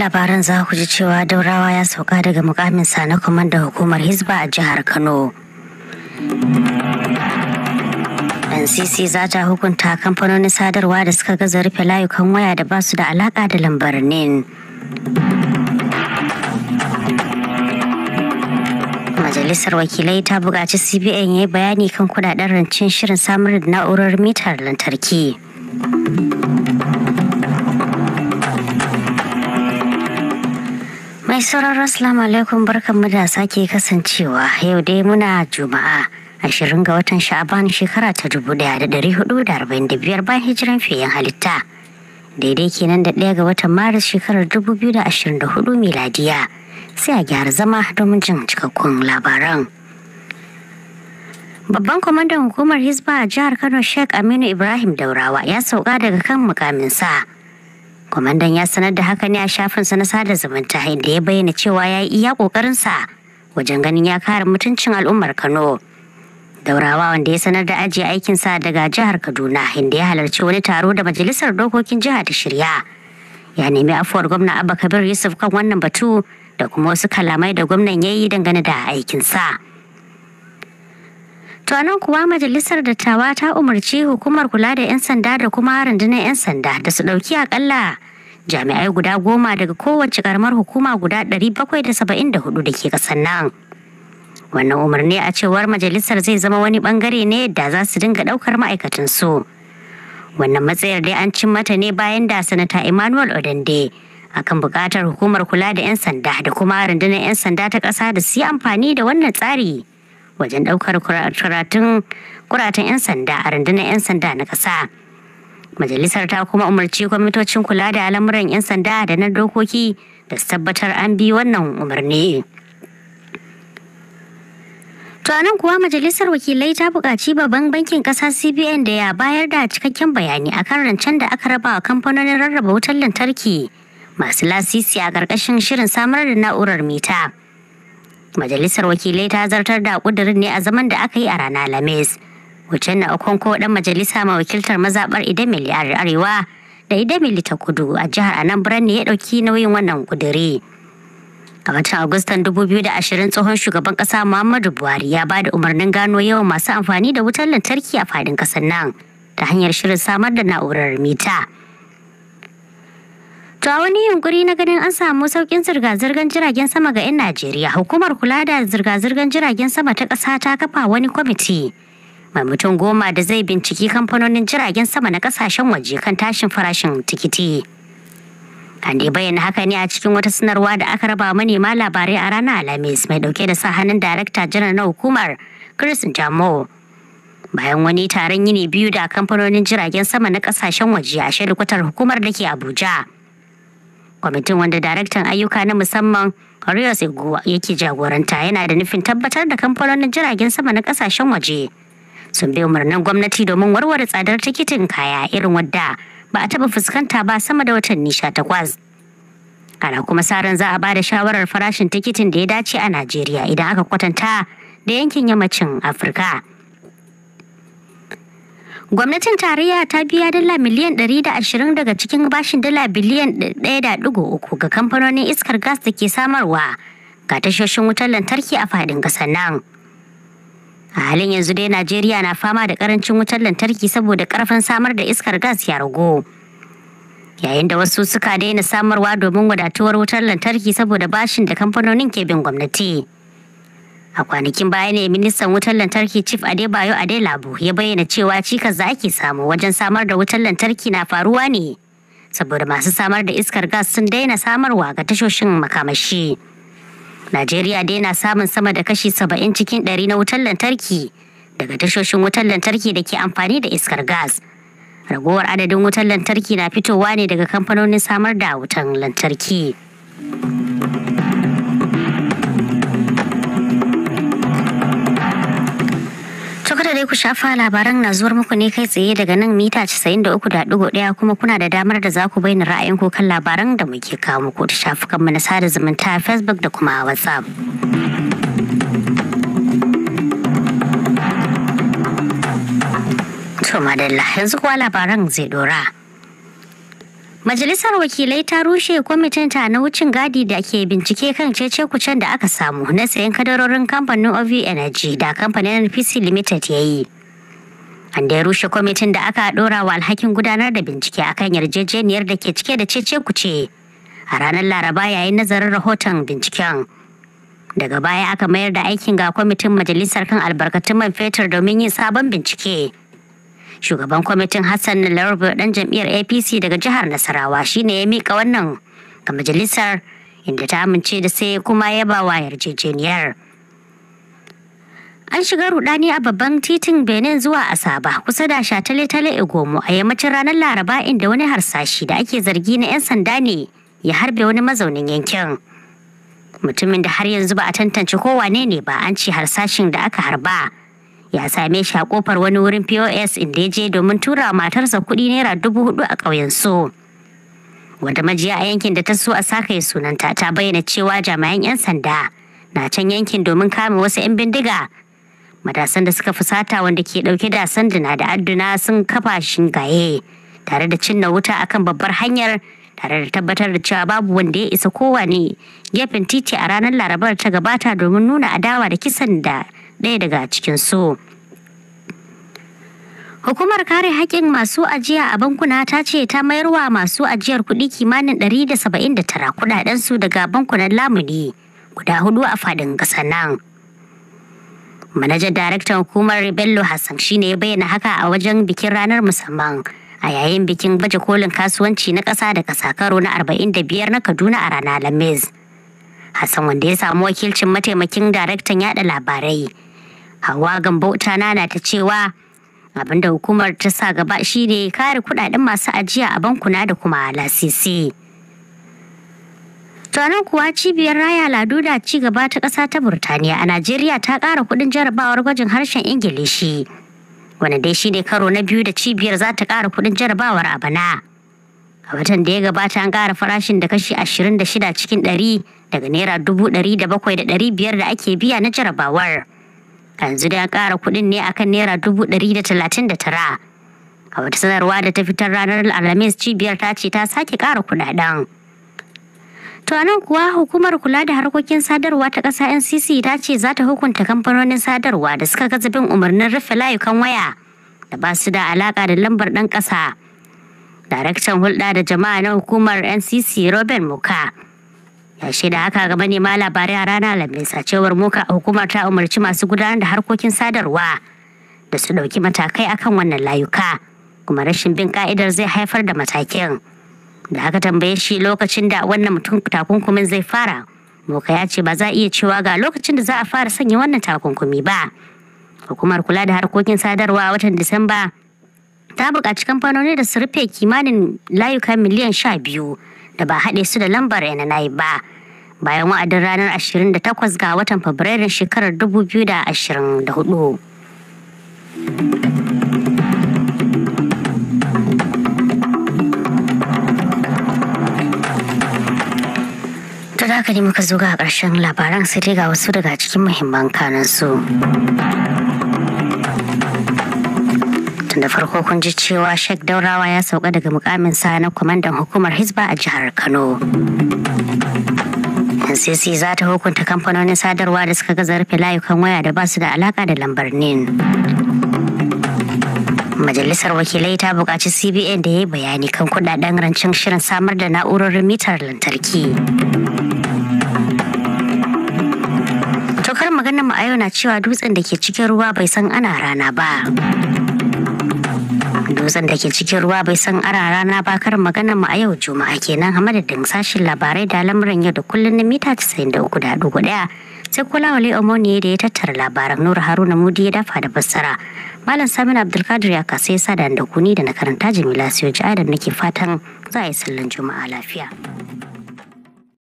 labaran za ku ji cewa daurawa ya sauka daga mukamin sa na kwamanda hukumar hizba a jihar kano ncc za ta hukunta kamfanonin sadarwa da suka gaza rufe layukan waya da basu da alaka da lambar majalisar wakilai ta buƙaci cbn ya yi bayani kan kudaden rancen shirin samar da na'urar mitar lantarki Mai sauraro Assalamu alaikum barkanmu da sake kasancewa yau dai muna Juma'a. ashirin ga watan sha'aban shekara ta dubu ɗaya da dari hudu da arba'in da biyar bayan hijiran fiyen halitta daidai kenan da ɗaya ga watan maris shekarar dubu biyu da ashirin da hudu miladiya sai a gyara zama domin jin cikakkun labaran babban kwamandan hukumar Hizba a jihar kano sheikh aminu ibrahim daurawa ya sauka daga kan mukaminsa. sa Kwamandan ya sanar da haka ne a shafin shafinsa na sada zumunta inda ya bayyana cewa ya yi iya ƙoƙarinsa wajen ganin ya kare mutuncin al'ummar Kano. Daurawa wanda ya sanar da ajiye aikinsa daga jihar Kaduna inda ya halarci wani taro da majalisar dokokin jiha ta shirya. Ya nemi afuwar gwamna Abba Kabir Yusuf kan wannan batu da kuma wasu kalamai da gwamnan ya yi dangane da aikinsa. To anan kuwa majalisar dattawa ta umarci hukumar kula da 'yan sanda da kuma rundunar 'yan sanda da su ɗauki akalla jami'ai guda goma daga kowace karamar hukuma guda 774 da ke ƙasar nan. Wannan umarni a cewar majalisar zai zama wani bangare ne da za su dinga ɗaukar ma'aikatansu. Wannan matsayar dai an cin mata ne bayan da sanata Emmanuel Odende akan buƙatar hukumar kula da 'yan sanda da kuma rundunar 'yan sanda ta ƙasa da su yi amfani da wannan tsari. wajen ɗaukar karatun kuratun 'yan sanda a rundunar 'yan sanda na ƙasa. Majalisar ta kuma umarci kwamitocin kula da al'amuran 'yan sanda da na dokoki da tabbatar an bi wannan umarni. To nan kuwa majalisar wakilai ta buƙaci babban bankin ƙasa CBN da ya bayar da cikakken bayani a kan rancen da aka raba wa kamfanonin rarraba wutar lantarki masu lasisi a ƙarƙashin shirin samar da na'urar mita. Majalisar wakilai ta zartar da ƙudurin ne a zaman da aka yi a rana Lamis. Wucen na Okonko dan majalisa mai wakiltar mazaɓar Idemili a Arewa da Idemili ta Kudu a jihar Anambra ne ya ɗauki nauyin wannan kuduri. A watan Agustan 2020 tsohon shugaban ƙasa Muhammadu Buhari ya ba da umarnin gano yawan masu amfani da wutar lantarki a faɗin ƙasar nan ta hanyar shirin samar da na'urar mita. To a wani yunkuri na ganin an samu saukin zirga-zirgar jiragen sama ga 'yan Najeriya, hukumar kula da zirga-zirgar jiragen sama ta ƙasa ta kafa wani kwamiti. Mai mutum goma da zai binciki kamfanonin jiragen sama na ƙasashen waje kan tashin farashin tikiti. An dai bayyana haka ne a cikin wata sanarwa da aka raba manema labarai a ranar Alhamis mai dauke da sa hannun Darakta Janar na hukumar Chris Jamo. Bayan wani taron yini biyu da kamfanonin jiragen sama na ƙasashen waje a shirikwatar hukumar da ke Abuja. kwamitin wanda daraktan ayyuka na musamman Rio Seguwa yake jagoranta yana da nufin tabbatar da kamfanonin jiragen sama na kasashen waje. Sun bi umarnin gwamnati domin warware tsadar tikitin kaya irin wadda ba a taɓa fuskanta ba sama da watanni sha takwas. Ana kuma sa ran za a ba da shawarar farashin tikitin da ya dace a Najeriya idan aka kwatanta da yankin yammacin Afirka. Gwamnatin tarayya ta biya dala miliyan ashirin daga cikin bashin dala biliyan ɗaya da uku ga kamfanonin iskar gas da ke samarwa ga tashoshin wutar lantarki a fadin ƙasar nan. A halin yanzu dai Najeriya na fama da karancin wutar lantarki saboda karfin samar da iskar gas ya rugo Yayin da wasu suka daina samarwa domin wadatuwar wutar lantarki saboda bashin da kamfanonin ke bin gwamnati. A kwanakin baya ne ministan wutar lantarki Chief Adebayo Adelabu ya bayyana cewa cikas da ake samu wajen samar da wutar lantarki na faruwa ne saboda masu samar da iskar gas sun daina samarwa ga tashoshin makamashi. Najeriya daina samun sama da kashi saba'in cikin ɗari na wutar lantarki daga tashoshin wutar lantarki da ke amfani da iskar gas. Ragowar adadin wutar lantarki na fitowa ne daga kamfanonin samar da wutar lantarki. ku shafa labaran na zuwar muku ne kai tsaye daga nan mita 93.1 kuma kuna da damar da za ku bayyana ra'ayinku kan labaran da muke kawo muku ta shafukan mu na sada zumunta Facebook da kuma WhatsApp. To madalla yanzu kuwa labaran zai dora. Majalisar Wakilai ta rushe kwamitinta na wucin gadi da ke bincike kan cece-kucen da aka samu na sayan kadarorin kamfanin OV Energy da kamfanin NPC Limited ya yi. An da ya rushe kwamitin da aka ɗora wa alhakin gudanar da bincike akan yarjejeniyar da ke cike da cece-kuce a ranar Laraba yayin nazarin rahoton binciken. Daga baya aka mayar da aikin ga kwamitin majalisar kan albarkatun man fetur domin yin sabon bincike. shugaban kwamitin hassan na larabu dan jam'iyyar apc daga jihar nasarawa shine ya mika wannan ga majalisar inda ta amince da sai kuma ya ba wa yarjejeniyar an shiga rudani a babban titin benin zuwa asaba kusa da shatale-tale egomo a yammacin ranar laraba inda wani harsashi da ake zargi na 'yan sanda ne ya harbe wani mazaunin yankin mutumin da har yanzu ba a tantance kowane ne ba an ce harsashin da aka harba ya same shi a kofar wani wurin pos inda ya je domin tura matarsa kuɗi naira dubu hudu a ƙauyen so wanda majiya a yankin da ta so a saka ya sunanta ta bayyana cewa jami'an 'yan sanda na can yankin domin kame wasu 'yan bindiga matasan da suka fusata wanda ke ɗauke da sanduna da adduna sun kafa shingaye tare da cinna wuta akan babbar hanyar tare da tabbatar da cewa babu wanda ya isa kowane gefen titi a ranar larabar ta gabata domin nuna adawa da kisan da ɗaya daga cikin su. Hukumar kare haƙƙin masu ajiya a bankuna ta ce ta mayar wa masu ajiyar kuɗi kimanin ɗari da 179 su daga bankunan lamuni guda hudu a fadin ƙasar nan. Manajan daraktan hukumar Bello Hassan shine ya bayyana haka a wajen bikin ranar musamman a yayin bikin baje kolin kasuwanci na ƙasa da ƙasa karo na biyar na Kaduna a ranar Lamis. Hassan wanda ya samu wakilcin mataimakin daraktan yaɗa labarai Hauwa Gambauta nana ta cewa abinda hukumar ta sa gaba shine kare kudaden masu ajiya a bankuna da kuma lasisi. Tunan kuwa cibiyar raya ladu da ci gaba ta ƙasa ta Burtaniya a Najeriya ta ƙara kuɗin jarabawar gwajin harshen Ingilishi. Wani dai shi ne karo na biyu da cibiyar za ta ƙara kuɗin jarabawar a bana. A watan da ya gabata an ƙara farashin da kashi 26 cikin 100 daga naira 700,500 da ake biya na jarabawar. yanzu da ya ƙara kuɗin ne akan naira dubu ɗari da talatin da tara. A wata sanarwa da ta fitar ranar Alhamis cibiyar ta ce ta sake kara kuɗaɗen. To a nan kuwa hukumar kula da harkokin sadarwa ta ƙasa NCC ta ce za ta hukunta kamfanonin sadarwa da suka gaza bin umarnin rufe layukan waya da ba su da alaƙa da lambar ɗan ƙasa. Daraktan hulɗa da jama'a na hukumar NCC robin Muka. yaushe da haka ne ma labarai a ranar alhamis a cewar muka hukumar ta umarci masu gudanar da harkokin sadarwa da su ɗauki matakai akan wannan layuka kuma rashin bin ka'idar zai haifar da matakin da aka tambaye shi lokacin da wannan mutum takunkumin zai fara moka ya ce ba za a iya cewa ga lokacin da za a fara sanya wannan takunkumi ba hukumar kula da harkokin sadarwa a watan disamba ta buƙaci kamfanoni da su rufe kimanin layuka miliyan sha biyu da ba haɗe su da lambar NNI ba. Bayan wa'adin ranar 28 ga watan Fabrairun shekarar 2024. To da ne muka zo ga ƙarshen labaran sai dai ga wasu daga cikin muhimman kanansu. tun da farko kun ji cewa Sheikh Daurawa ya sauka daga mukamin sa na kwamandan hukumar Hizba a jihar Kano. NCC za ta hukunta kamfanonin sadarwa da suka gaza rufe layukan waya da basu da alaka da lambar NIN. Majalisar Wakilai ta buƙaci CBN da ya yi bayani kan kudaden rancen shirin samar da na'urorin mitar lantarki. Tokar maganar mu na cewa dutsen da ke cikin ruwa bai san ana rana ba. dozan da ke cikin ruwa bai san ara rana ba karin maganar mu a yau juma'a kenan hamadadin din sashin labarai da lamuran yau da kullun na mita 93.1 sai kula wale omoni da ya tattara labaran nura haruna mudi ya dafa da fassara malam samin abdulkadir ya kasa ya da kuni da na karanta jimila siyo ji da nake fatan za a yi sallan juma'a lafiya.